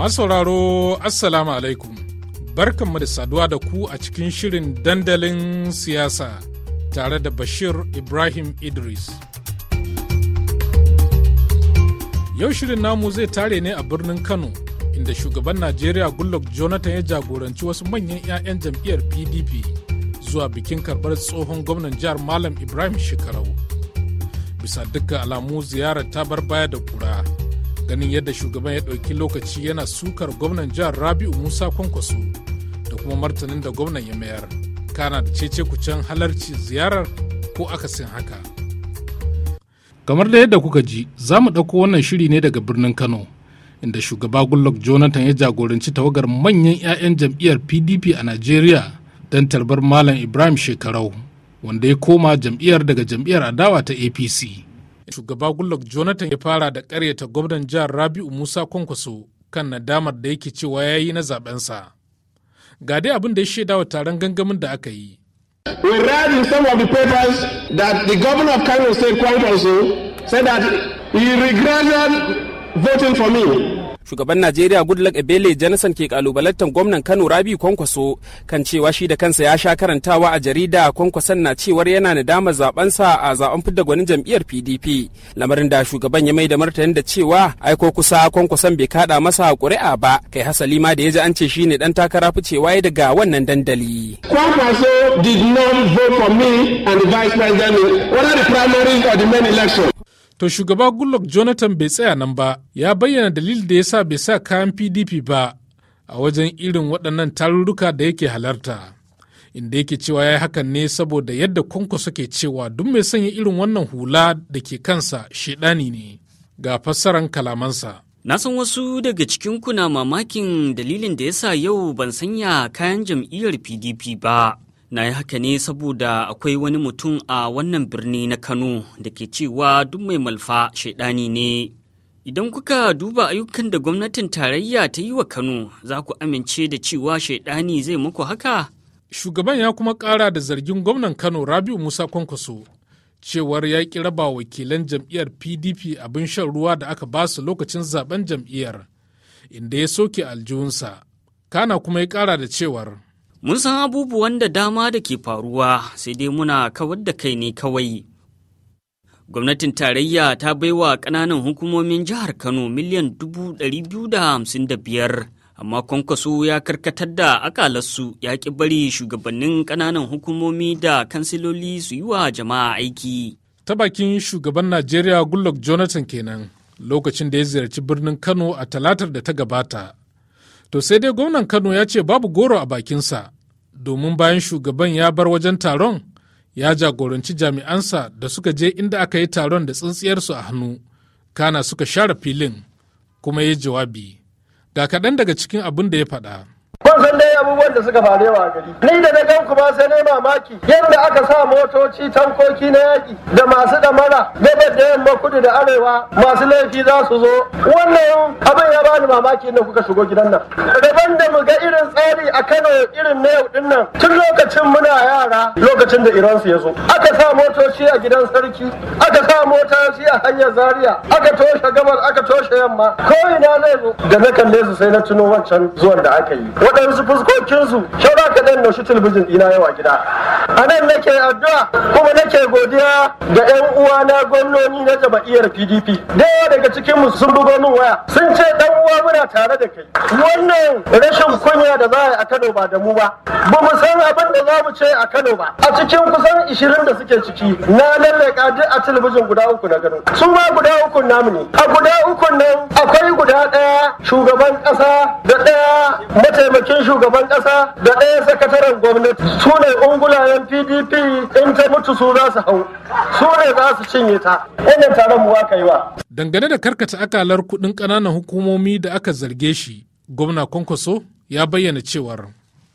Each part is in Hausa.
Masu sauraro Assalamu alaikum. Barkanmu da saduwa da ku a cikin shirin dandalin siyasa tare da Bashir Ibrahim Idris. Yau shirin namu zai tare ne a birnin Kano inda shugaban Najeriya Goodluck Jonathan ya jagoranci wasu manyan 'ya'yan jam'iyyar PDP zuwa bikin karɓar tsohon gwamnan jihar Malam Ibrahim Shekarau. Bisa dukkan alamu ziyarar ta bar baya da kura. ganin yadda shugaban ya ɗauki lokaci yana sukar gwamnan jihar rabi'u musa kwankwaso da kuma martanin da gwamnan ya mayar kana da cece can halarci ziyarar ko akasin haka kamar da yadda kuka ji za mu ɗauko wannan shiri ne daga birnin kano inda shugaba goodluck jonathan ya jagoranci tawagar manyan 'ya'yan jam'iyyar pdp a najeriya don tarbar malam ibrahim shekarau wanda ya koma jam'iyyar daga jam'iyyar adawa ta apc shugaba goodluck jonathan ya fara da karyata gwamnan jihar rabi'u musa kwankwaso kan nadamar da yake cewa ya yi na zabensa ga dai abin da ya shaida wa taron gangamin da aka yi we read in some of the papers that the governor of kano state kwankwaso said that he regretted voting for me Shugaban Najeriya Goodluck Ebele Jonathan ke kalubalantar gwamnan Kano Rabi Kwankwaso kan cewa shi da kansa ya sha karantawa a jarida Kwankwason na cewar yana nadamar zabensa a zaben fidda gwanin jam'iyyar PDP. Lamarin da shugaban ya mai da martanin da cewa aiko kusa Kwankwason bai kada masa ƙuri'a ba kai hasali ma da ya ji an ce shi ne dan takara ficewa ya daga wannan dandali. Kwankwaso did not vote for me and the vice president whether the primaries or the main election. To shugaba Goodluck Jonathan bai tsaya nan ba, ya bayyana dalil da ya sa bai sa kayan PDP ba a wajen irin waɗannan tarurruka da yake halarta. Inda yake cewa ya yi hakan ne saboda yadda kwankwaso ke cewa duk mai sanya irin wannan hula da ke kansa shaidani ne ga fassaran kalamansa. Na san wasu daga cikin kuna mamakin dalilin da ya sa yau ban sanya kayan jam'iyyar PDP ba. na yi haka ne saboda akwai wani mutum a wannan birni na kano da ke cewa duk mai malfa shaidani ne idan kuka duba ayyukan da gwamnatin tarayya ta yi wa kano za ku amince da cewa shaidani zai muku haka shugaban ya kuma kara da zargin gwamnan kano rabiu musa kwankwaso cewar ya ki raba wakilan jam'iyyar pdp abin shan ruwa da aka ba su lokacin zaben jam'iyyar inda ya soke aljihunsa kana kuma ya kara da cewar Mun san abubuwan da dama da ke faruwa sai dai muna kawar da kai ne kawai. Gwamnatin tarayya ta baiwa ƙananan hukumomin jihar Kano miliyan dubu ɗari biyu da hamsin da biyar, amma kwankwaso ya karkatar da akalarsu ya ƙi bari shugabannin ƙananan hukumomi da kansiloli su yi wa jama'a aiki. Ta bakin shugaban Najeriya Goodluck Jonathan kenan lokacin da ya ziyarci birnin Kano a talatar da ta gabata. To sai dai gwamnan Kano ya ce babu goro a bakinsa, domin bayan shugaban ya bar wajen taron ya jagoranci jami'ansa da suka je inda aka yi taron da tsintsiyarsu a hannu, kana suka share filin kuma ya jawabi. Ga kaɗan daga cikin abin da ya faɗa. Kun san dai abubuwan da suka faru yawa gari. Ni da na gan kuma sai na mamaki yadda aka sa motoci tankoki na yaƙi da masu damara gaba da yamma kudu da arewa masu laifi za su zo. Wannan abin ya bani mamaki inda kuka shigo gidan nan. Daban da mu ga irin tsari a Kano irin na yau din nan tun lokacin muna yara lokacin da Iransu ya zo. Aka sa motoci a gidan sarki, aka sa motoci a hanyar Zaria, aka toshe gabar, aka toshe yamma. Ko ina zai zo. Da na kalle su sai na tuno wancan zuwan da aka yi. waɗansu fuskokinsu ba ka ɗan shi talabijin ina yawa gida a nan nake addu'a kuma nake godiya ga 'yan uwa na gwamnoni na jam'iyyar pdp da yawa daga cikinmu sun bugo min waya sun ce ɗan uwa muna tare da kai wannan rashin kunya da za a yi a kano ba da mu ba ba mu san abin da za mu ce a kano ba a cikin kusan ishirin da suke ciki na lallaka duk a talabijin guda uku na gano su ma guda uku namu ne a guda uku nan akwai guda ɗaya shugaban ƙasa da ɗaya mataimakin mataimakin shugaban ƙasa da ɗaya sakataren gwamnati su ne ungulayen pdp in ta mutu su za su hau su ne za su cinye ta irin taron mu ka yi wa. dangane da karkata akalar kuɗin ƙananan hukumomi da aka zarge shi gwamna kwankwaso ya bayyana cewar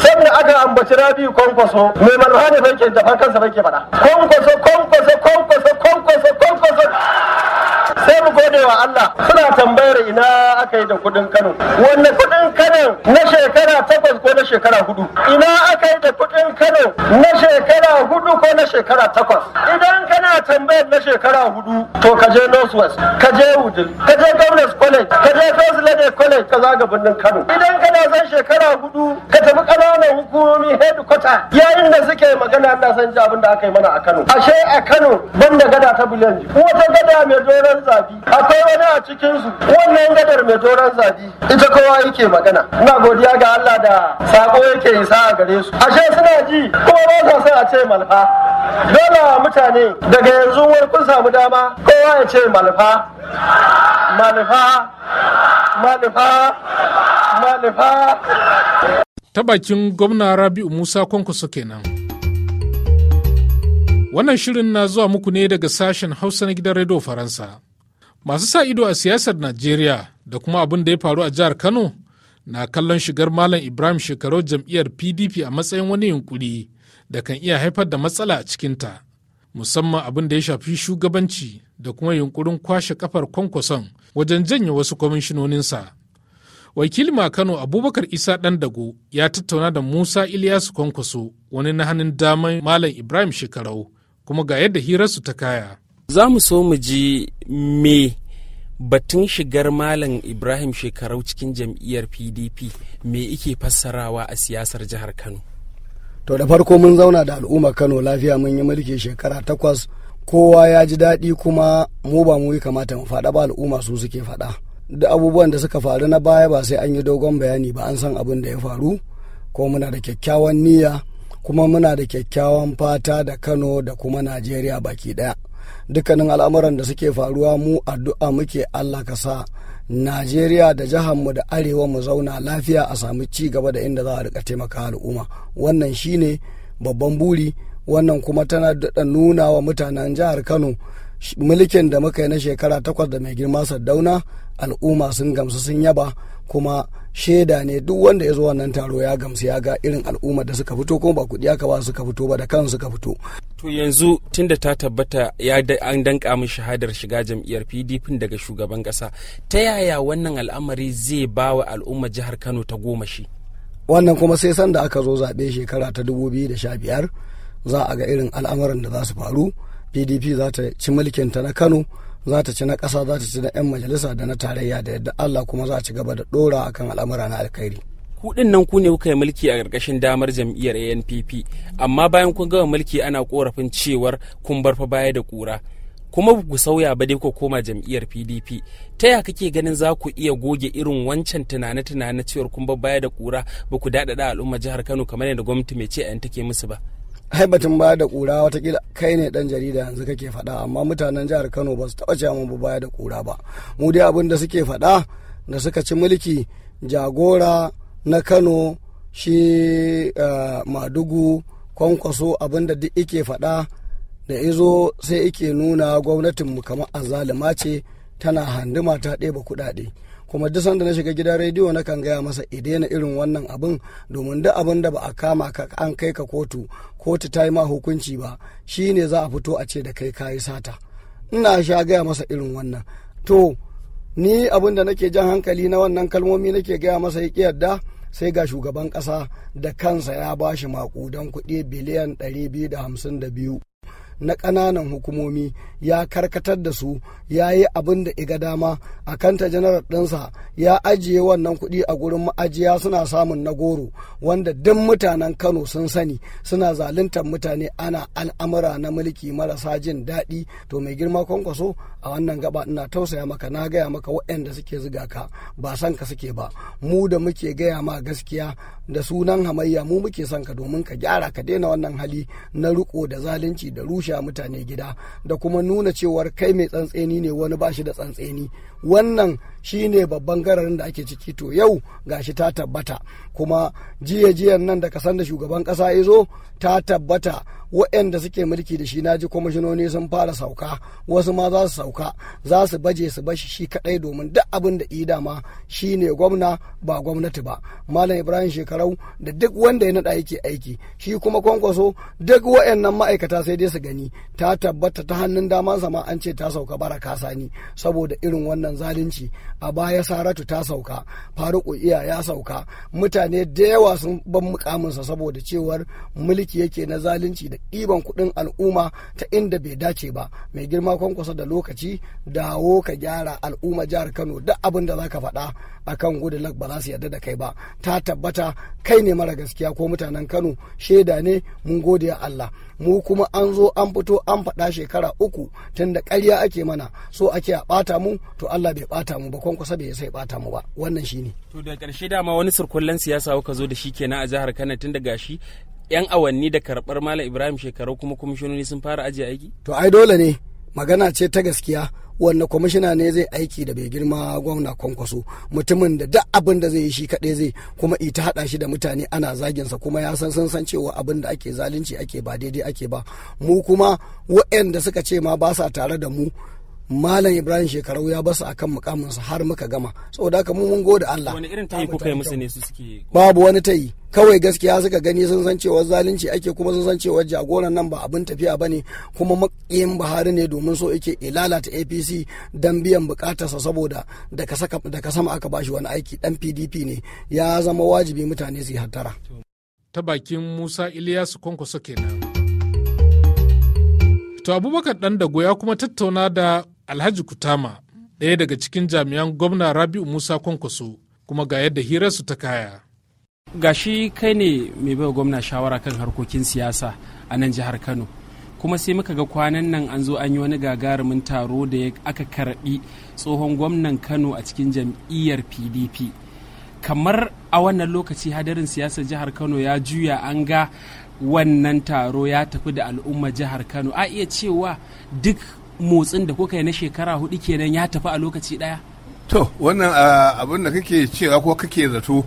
sannan aka ambaci rabi kwankwaso mai manhajar bankin japan kansa banke faɗa kwankwaso kwankwaso kwankwaso kwankwaso kwankwaso sai mu gode wa Allah suna tambayar ina aka yi da kuɗin Kano wanne kuɗin Kano na shekara takwas ko na shekara hudu ina aka yi da kuɗin Kano na shekara hudu ko na shekara takwas idan kana tambayar na shekara hudu to ka je Northwest ka je Wudil ka je Governors College ka je First Lady College ka zaga birnin Kano idan kana san shekara hudu ka tafi kananan hukumomi headquarter yayin da suke magana ina san ji abin da aka yi mana a Kano ashe a Kano ban da gada ta Bulenji wata gada mai doron za zabi akwai wani a cikin su wannan gadar mai doron zabi ita kowa yake magana ina godiya ga Allah da sako yake isa a gare su ashe suna ji kuma ba sa sai a ce malfa dole mutane daga yanzu wani kun samu dama kowa ya ce malfa malfa malfa malfa ta bakin gwamna rabi'u musa kwankwaso kenan wannan shirin na zuwa muku ne daga sashen hausa na gidan rediyo faransa masu sa ido a siyasar najeriya da kuma abin da ya faru a jihar kano na kallon shigar malam ibrahim shekaru jam'iyyar pdp a matsayin wani yunkuri da kan iya haifar da matsala a cikinta musamman abin da ya shafi shugabanci da kuma yunkurin kwashe kafar kwankwason wajen janye wasu kwamishinoninsa wakili a kano abubakar isa ɗan dago ya tattauna da musa iliyasu kwankwaso wani na hannun damar malam ibrahim shekarau kuma ga yadda hirarsu ta kaya za mu so mu ji me batun shigar malam ibrahim shekarau cikin jam'iyyar pdp me ike fassarawa a siyasar jihar kano to da farko mun zauna da al'ummar kano lafiya mun yi mulki shekara takwas kowa ya ji daɗi kuma mu ba mu yi kamata mu faɗa ba al'umma su suke faɗa da abubuwan da suka faru na baya ba sai an yi dogon bayani ba an san abin da ya faru ko muna da kyakkyawan niyya kuma muna da kyakkyawan fata da kano da kuma najeriya baki ɗaya dukkanin al'amuran da suke faruwa mu addu'a muke Allah ka sa Najeriya da jihar mu da arewa mu zauna lafiya a samu ci gaba da inda za a rika taimaka al'umma wannan shine babban buri wannan kuma tana da nuna wa mutanen jihar Kano mulkin da muka yi na shekara takwas da mai girma Saddauna al'umma sun gamsu sun yaba kuma shaida ne duk wanda ya zo wannan taro ya gamsu ya ga irin al'umma da suka fito kuma ba kuɗi aka ba suka fito ba da kan suka fito To yanzu da ta tabbata ya da an danka min shahadar shiga jam'iyyar PDP daga shugaban kasa ta yaya wannan al'amari zai ba wa al'ummar jihar Kano ta goma shi? Wannan kuma sai sanda aka zo zaɓe shekara ta 2015 za a ga irin al'amuran da za su faru PDP za ta ci ta na Kano za ta ci na ƙasa za ta ci na 'yan majalisa da na tarayya da yadda Allah kuma za a ci gaba da ɗora akan al'amura na alkhairi. ku din nan ku ne kuka yi mulki a ƙarƙashin damar jam'iyyar ANPP amma bayan kun gama mulki ana korafin cewar kun bar fa baya da kura kuma ba ku sauya ba dai ku koma jam'iyyar PDP ta ya kake ganin za ku iya goge irin wancan tunane tunane cewar kun bar baya da kura ba ku daɗaɗa al'umma jihar Kano kamar yadda gwamnati mai ce a take musu ba ai batun baya da kura watakila kai ne dan jarida yanzu kake faɗa amma mutanen jihar kano ba su taɓa cewa mun baya da kura ba mu dai abin da suke faɗa da suka ci mulki jagora na kano shi eh, madugu kwankwaso abinda da duk ike faɗa da izo sai ike nuna gwamnatinmu kamar azalima ce tana handuma ta ɗeba kuɗaɗe kuma duk sanda na shiga gida rediyo na kan gaya masa na irin wannan abin domin duk abin da ba a kama ka an kai ka kotu kotu ta yi ma hukunci ba shi ne za a fito a ce da kai kayi sata ina sha gaya masa irin wannan to ni abin da nake jan hankali na wannan kalmomi nake gaya masa ya yarda sai ga shugaban ƙasa da kansa ya ba shi maƙudan kuɗi biliyan 252 na ƙananan hukumomi ya karkatar da su ya yi abin da iga dama a kanta janarar ɗinsa ya ajiye wannan kuɗi a gurin ma'ajiya suna samun na goro wanda duk mutanen kano sun sani suna zaluntar mutane ana al'amura na mulki marasa jin daɗi to mai girma kwankwaso a wannan gaba ina tausaya maka na gaya maka waɗanda suke ziga ka ba san ka suke ba mu da muke gaya ma gaskiya da sunan hamayya mu muke son ka domin ka gyara ka daina wannan hali na riko da zalunci da rushe rushe mutane gida da kuma nuna cewar kai mai tsantseni ne wani bashi da tsantseni wannan shine babban gararin da ake ciki to yau gashi ta tabbata kuma jiya jiyan nan da kasan da shugaban kasa ya zo ta tabbata waɗanda suke mulki da shi na naji kwamishinoni sun fara sauka wasu ma za su sauka za su baje su bashi shi kadai domin duk abin da ida ma shi ne gwamna ba gwamnati ba malam ibrahim shekarau da duk wanda ya naɗa yake aiki shi kuma kwankwaso duk waɗannan ma'aikata sai dai su gani ta tabbata ta hannun daman sama an ce ta sauka bara kasani saboda irin wannan zalunci a baya saratu ta sauka faruku iya ya sauka mutane mutane da yawa sun ban mukaminsa saboda cewar mulki yake na zalunci da ɗiban kuɗin al'umma ta inda bai dace ba mai girma kwankwasa da lokaci dawo ka gyara al'umma jihar kano duk abin da za ka faɗa akan goodluck ba za su yarda da kai ba ta tabbata kai ne mara gaskiya ko mutanen kano shaida ne mun gode Allah mu kuma an zo an fito an faɗa shekara uku tun da ƙarya ake mana so ake a ɓata mu to Allah bai ɓata mu ba kwan kusa bai sai ɓata mu ba wannan shine to da ƙarshe dama wani sirkullen siyasa kuka zo da shi kenan a jihar Kano tun da gashi yan awanni da karɓar Malam Ibrahim shekaru kuma kwamishinoni sun fara ajiye aiki to ai dole ne magana ce ta gaskiya wanne kwamishina ne zai aiki da bai girma gwamna kwankwaso mutumin da duk abin da zai yi shi kaɗai zai kuma ita haɗa shi da mutane ana zaginsa kuma ya san sun san cewa abin da ake zalunci ake ba daidai ake ba mu kuma waɗanda suka ce ma ba sa tare da mu malam ibrahim shekarau ya basu akan mukaminsa har muka gama saboda haka mun gode Allah wani irin tayi kuka yi musu ne su suke babu wani tayi kawai gaskiya suka gani sun san cewa zalunci ake kuma sun san cewa jagoran nan ba abin tafiya ba ne kuma makiyin buhari ne domin so yake lalata apc don biyan bukatarsa saboda daga sama aka bashi wani aiki dan pdp ne ya zama wajibi mutane su yi hattara ta bakin musa iliyasu kwankwaso kenan to abubakar dan dago ya kuma tattauna da alhaji kutama ɗaya daga cikin jami'an gwamna rabi'u musa kwankwaso kuma ga yadda hirarsu ta kaya gashi kai ne mai bai gwamna shawara kan harkokin siyasa a nan jihar kano kuma sai muka ga kwanan nan an zo an yi wani gagarumin taro da aka karbi tsohon gwamnan kano a cikin jam'iyyar pdp kamar a wannan lokaci hadarin siyasar jihar kano ya juya an ga wannan taro ya tafi da al'umma jihar kano a iya cewa duk motsin da kuka yi na shekara hudu kenan ya tafi a lokaci daya to wannan ah, abin da kake cewa ko kake zato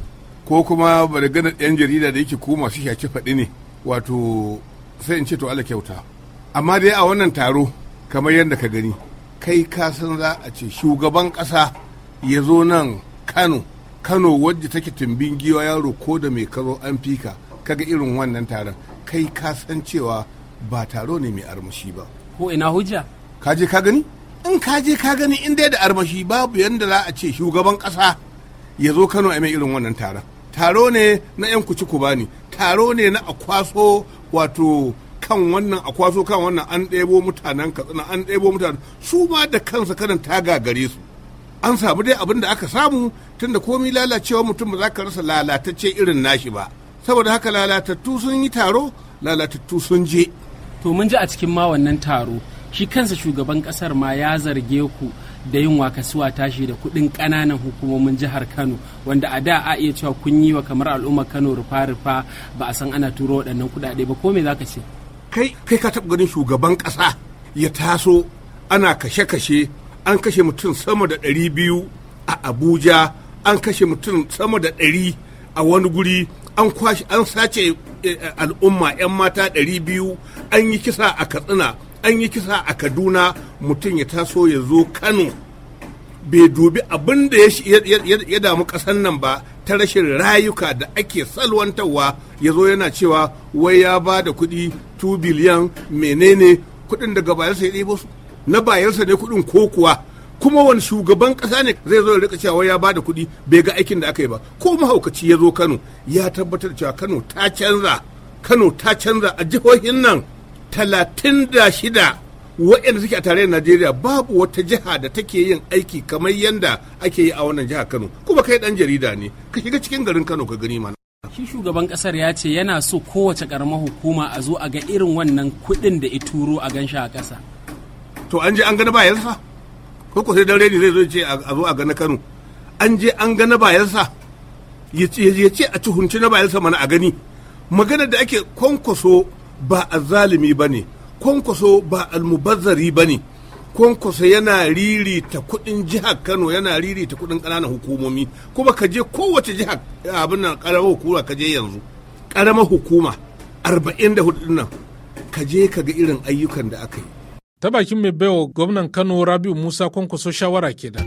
ko kuma maganar yan jarida da yake ko masu shaci faɗi ne wato sai in ce to Allah kyauta amma dai a wannan taro kamar yadda ka gani kai ka san za a ce shugaban ƙasa ya zo nan Kano Kano wadda take tumbin giwa yaro ko da mai karo an fika kaga irin wannan taron kai ka san cewa ba taro ne mai armashi ba ko ina hujja ka je ka gani in ka je ka gani in dai da armashi babu yadda za a ce shugaban ƙasa ya zo Kano a mai irin wannan taron taro ne na 'yan kuci ku bani taro ne na akwaso wato kan wannan akwaso kan wannan an ɗebo mutanen katsina an ɗebo mutanen su ma da kansa kanan ta gagare su an samu dai abin da aka samu tunda komi lalacewa mutum ba za ka rasa lalatacce irin nashi ba saboda haka lalatattu sun yi taro lalatattu sun je to mun ji a cikin ma wannan taro shi kansa shugaban kasar ma ya zarge ku da yin wakasuwa tashi da kuɗin ƙananan hukumomin jihar kano wanda a da a iya cewa kun yi wa kamar al'ummar kano rufa-rufa ba a san ana turo waɗannan kuɗaɗe ba ko me za ka ce kai kai ka taɓa ganin shugaban ƙasa ya taso ana kashe-kashe an kashe mutum sama da ɗari biyu a abuja an kashe mutum sama da ɗari a wani guri an kwashe an sace eh, al'umma 'yan mata ɗari biyu an yi kisa a katsina an yi kisa a kaduna mutum ya taso ya zo kano bai dubi abin da ya damu kasan nan ba ta rashin rayuka da ake salwantarwa ya zo yana cewa wai ya ba da kuɗi 2 biliyan menene kuɗin daga bayarsa ya ɗebo su na bayarsa ne kuɗin ko kuwa kuma wani shugaban ƙasa ne zai zo ya rika cewa ya ba da kuɗi bai ga aikin da aka yi ba ko mahaukaci ya zo kano ya tabbatar cewa kano ta canza kano ta canza a jihohin nan talatin da shida waɗanda suke a tarayyar najeriya babu wata jiha da take yin aiki kamar yadda ake yi a wannan jiha kano kuma kai dan jarida ne ka shiga cikin garin kano ka gani mana shi shugaban kasar ya ce yana so kowace karamar hukuma a zo a ga irin wannan kuɗin da ya turo a gan shi a ƙasa to an je an gani bayansa ko ko sai dan rediyo zai zo ce a zo a gani kano an je an gani bayansa ya ce a ci na bayansa mana a gani magana da ake kwankwaso ba azzalimi ba ne kwankwaso ba almubazzari ba ne kwankwaso yana riri ririta kudin jihar kano yana ririta kudin ƙananan hukumomi kuma ka je kowace jihar abin nan ƙaramar hukuma ka je yanzu ƙaramar hukuma arba'in da hudu nan ka je ka ga irin ayyukan da aka yi ta bakin mai baiwa gwamnan kano rabiu musa kwankwaso shawara ke da.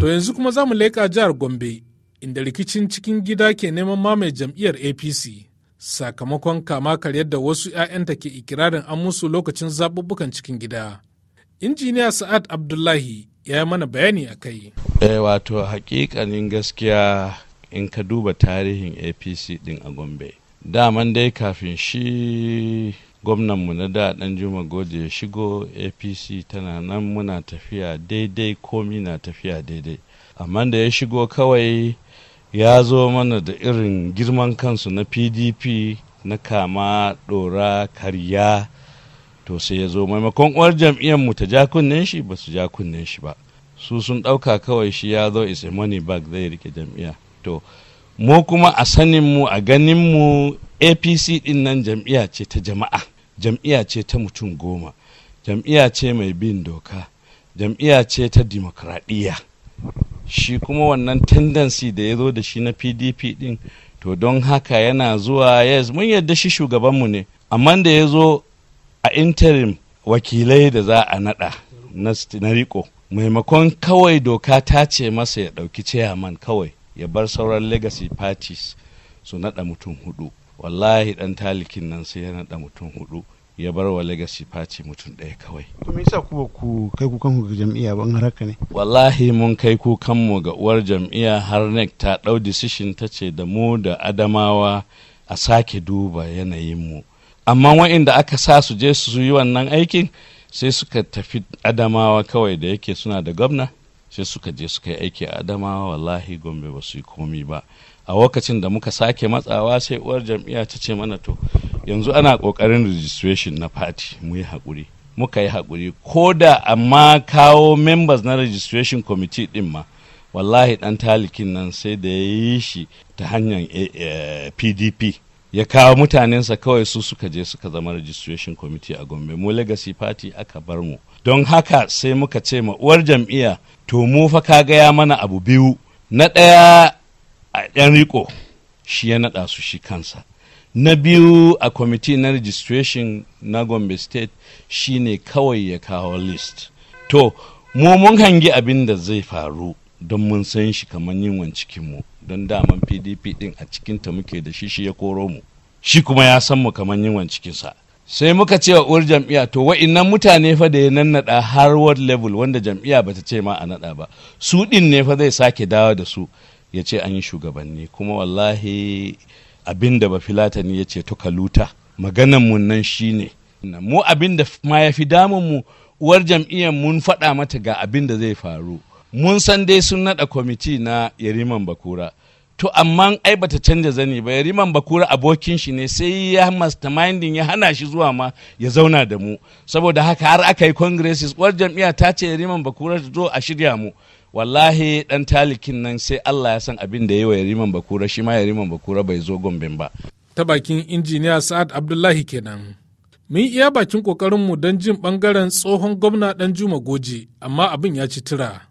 to yanzu kuma za mu leƙa jihar gombe inda rikicin cikin gida ke neman mamaye jam'iyyar apc sakamakon kama karyar da wasu 'ya'yanta ke ikirarin an musu lokacin zaɓuɓɓukan cikin gida. Injiniya Sa'ad Abdullahi ya yi mana bayani a kai. Eh, wato hakikanin gaskiya in ka duba tarihin APC ɗin a Gombe. Daman dai kafin shi gwamnanmu na da ɗan Juma Goje ya shigo APC tana nan muna tafiya daidai komi na tafiya daidai. Amma da ya shigo kawai ya zo mana da irin girman kansu na pdp na kama ɗora karya to sai ya zo maimakon uwar jam'iyyar mu ta ja kunnen shi ba su ja kunnen shi ba su sun ɗauka kawai shi ya zo is a money bag zai rike jam'iyya to mu kuma a sanin mu a ganin mu apc din nan jam'iyya ce ta jama'a jam'iyya ce ta mutum goma jam'iyya ce mai bin doka jam'iyya ce ta dimokuraɗiyya shi kuma wannan tendency da ya zo da shi na pdp din to don haka yana zuwa yes mun yadda shi shugabanmu ne amma da ya zo a interim wakilai da za a nada na riko maimakon kawai doka ta ce masa ya dauki chairman kawai ya bar sauran legacy parties su nada mutum hudu wallahi dan talikin nan sai ya nada mutum hudu ya bar wa legacy party mutum ɗaya kawai. To me yasa ku kai kukan mu ga jam'iyya ban har haka ne? Wallahi mun kai kukan mu ga uwar jam'iyya har NEC ta ɗau decision ta ce da mu da Adamawa a sake duba yanayin mu. Amma wa'inda aka sa su je su yi wannan aikin sai suka tafi Adamawa kawai da yake suna da gwamna sai suka je suka yi aiki a Adamawa wallahi Gombe ba su yi komi ba. a lokacin da muka sake matsawa sai uwar jam'iyya ta ce mana to yanzu ana kokarin registration na party mu yi haƙuri muka yi haƙuri ko da amma kawo members na registration committee din ma wallahi ɗan talikin nan sai da ya yi shi ta hanyar pdp eh, eh, ya kawo mutanensa kawai su suka je suka zama registration committee a gombe mu legacy party aka bar mu don haka sai muka ce ma uwar jam'iyya to mu fa ka gaya mana abu biyu na ɗaya 'yan riko shi ya naɗa su shi kansa na biyu a kwamiti na registration na gombe state shine kawai ya kawo list to mu mun hangi abin da zai faru don mun san shi kamar yin mu don daman pdp din a cikinta muke da shi shi ya koro mu shi kuma ya san mu kamar yin sa. sai muka ce wa uwar jam'iyya to wa'innan mutane fa da ya nannaɗa har world level wanda jam'iyya bata ce ma a naɗa ba su ɗin ne fa zai sake dawo da su ya ce an yi shugabanni kuma wallahi abin da bafilatani ya ce tuka luta maganan nan nan shine mu abin da ma ya fi damun mu uwar jam'iyyar mun faɗa mata ga abin da zai faru mun san dai sun naɗa kwamiti na yariman bakura to amma ai bata canja zani ba yariman bakura abokin shi ne sai ya mastermindin ya hana shi zuwa ma ya zauna da mu saboda haka har aka yi congresses uwar jam'iyya ta ce yariman bakura ta zo a shirya mu wallahi dan talikin nan sai Allah ya san abin da yi wa yariman bakura shi ma yariman bakura bai zo gombin ba ta bakin injiniya sa'ad abdullahi kenan mun iya bakin kokarinmu don jin bangaren tsohon gwamna dan juma goje amma abin ya ci tura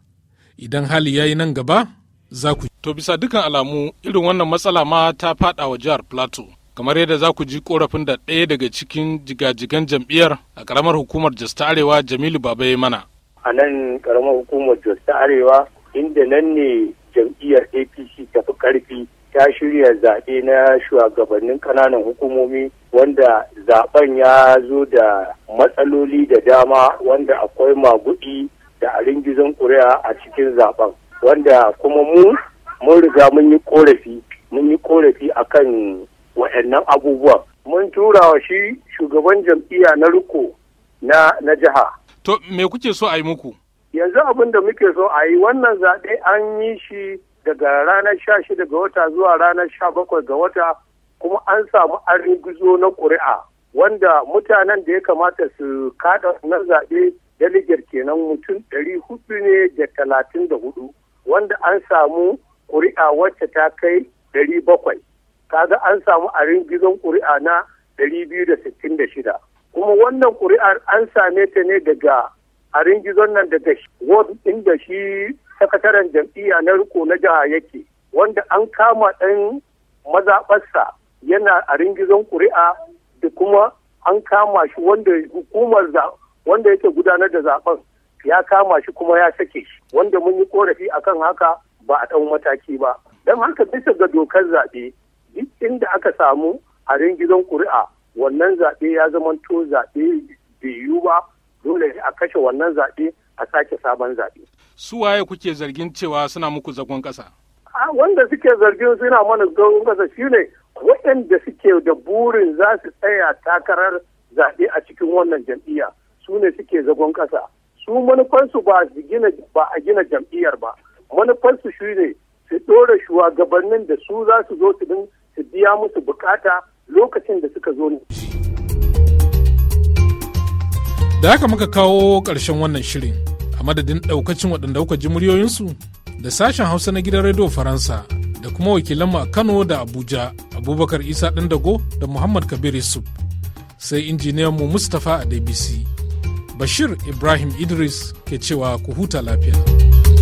idan hali ya yi nan gaba za ku to bisa dukkan alamu irin wannan matsala ma ta fada wa jihar plateau kamar yadda za ku ji korafin da ɗaya daga cikin jigajigan jam'iyyar a ƙaramar hukumar jasta arewa jamilu baba ya mana a nan karamar hukumar jos ta arewa inda nan ne jam'iyyar apc ta fi karfi ta shirya zaɓe na shugabannin ƙananan hukumomi wanda zaɓen ya zo da matsaloli da dama wanda akwai maguɗi, da aringizon ƙuri'a a cikin zaɓen, wanda kuma mu mun riga mun yi korafi mun yi korafi kan waɗannan abubuwan mun tura wa shi shugaban jam'iyya na riko na jiha To me kuke so a yi muku? Yanzu abin da muke so a yi wannan zaɓe an yi shi daga ranar sha shida ga wata zuwa ranar sha bakwai ga wata kuma an samu arin gizo na ƙuri'a wanda mutanen da ya kamata su kaɗa na zaɓe daligar kenan mutum ɗari hudu ne da talatin da hudu wanda an samu ƙuri'a wacce ta kai ɗari bakwai kaga an samu arin gizon ƙuri'a na ɗari biyu da sittin da shida. kuma wannan ƙuri'ar an same ta ne daga a ringizon nan daga ward inda shi sakataren jam'iyya na riko na jiha yake wanda an kama ɗan mazaɓarsa yana a ringizon ƙuri'a da kuma an kama shi wanda hukumar wanda yake gudanar da zaɓen ya kama shi kuma ya sake shi wanda mun yi korafi kan haka ba a ɗau mataki ba don haka bisa ga dokar zaɓe duk inda aka samu a ringizon ƙuri'a wannan zaɓe ya zamanto zaɓe biyu ba dole a kashe wannan zaɓe a sake sabon zaɓe. Su waye kuke zargin cewa suna muku zagon ƙasa? Wanda suke zargin suna mana zagon ƙasa shine waɗanda suke da burin za su tsaya takarar zaɓe a cikin wannan jam'iyya su ne suke zagon ƙasa. Su manufansu ba a gina jam'iyyar ba. Manufansu shi ne su ɗora shugabannin da su za su zo su biya musu bukata lokacin da suka zo ne. Da haka muka kawo ƙarshen wannan shirin a madadin ɗaukacin waɗanda kuka ji muryoyinsu da sashen Hausa na gidan Radio Faransa da kuma wakilanmu a Kano da Abuja Abubakar Isa Dago da Muhammad Kabir Yusuf sai injiniyanmu Mustapha a Bashir Ibrahim Idris ke cewa ku huta lafiya.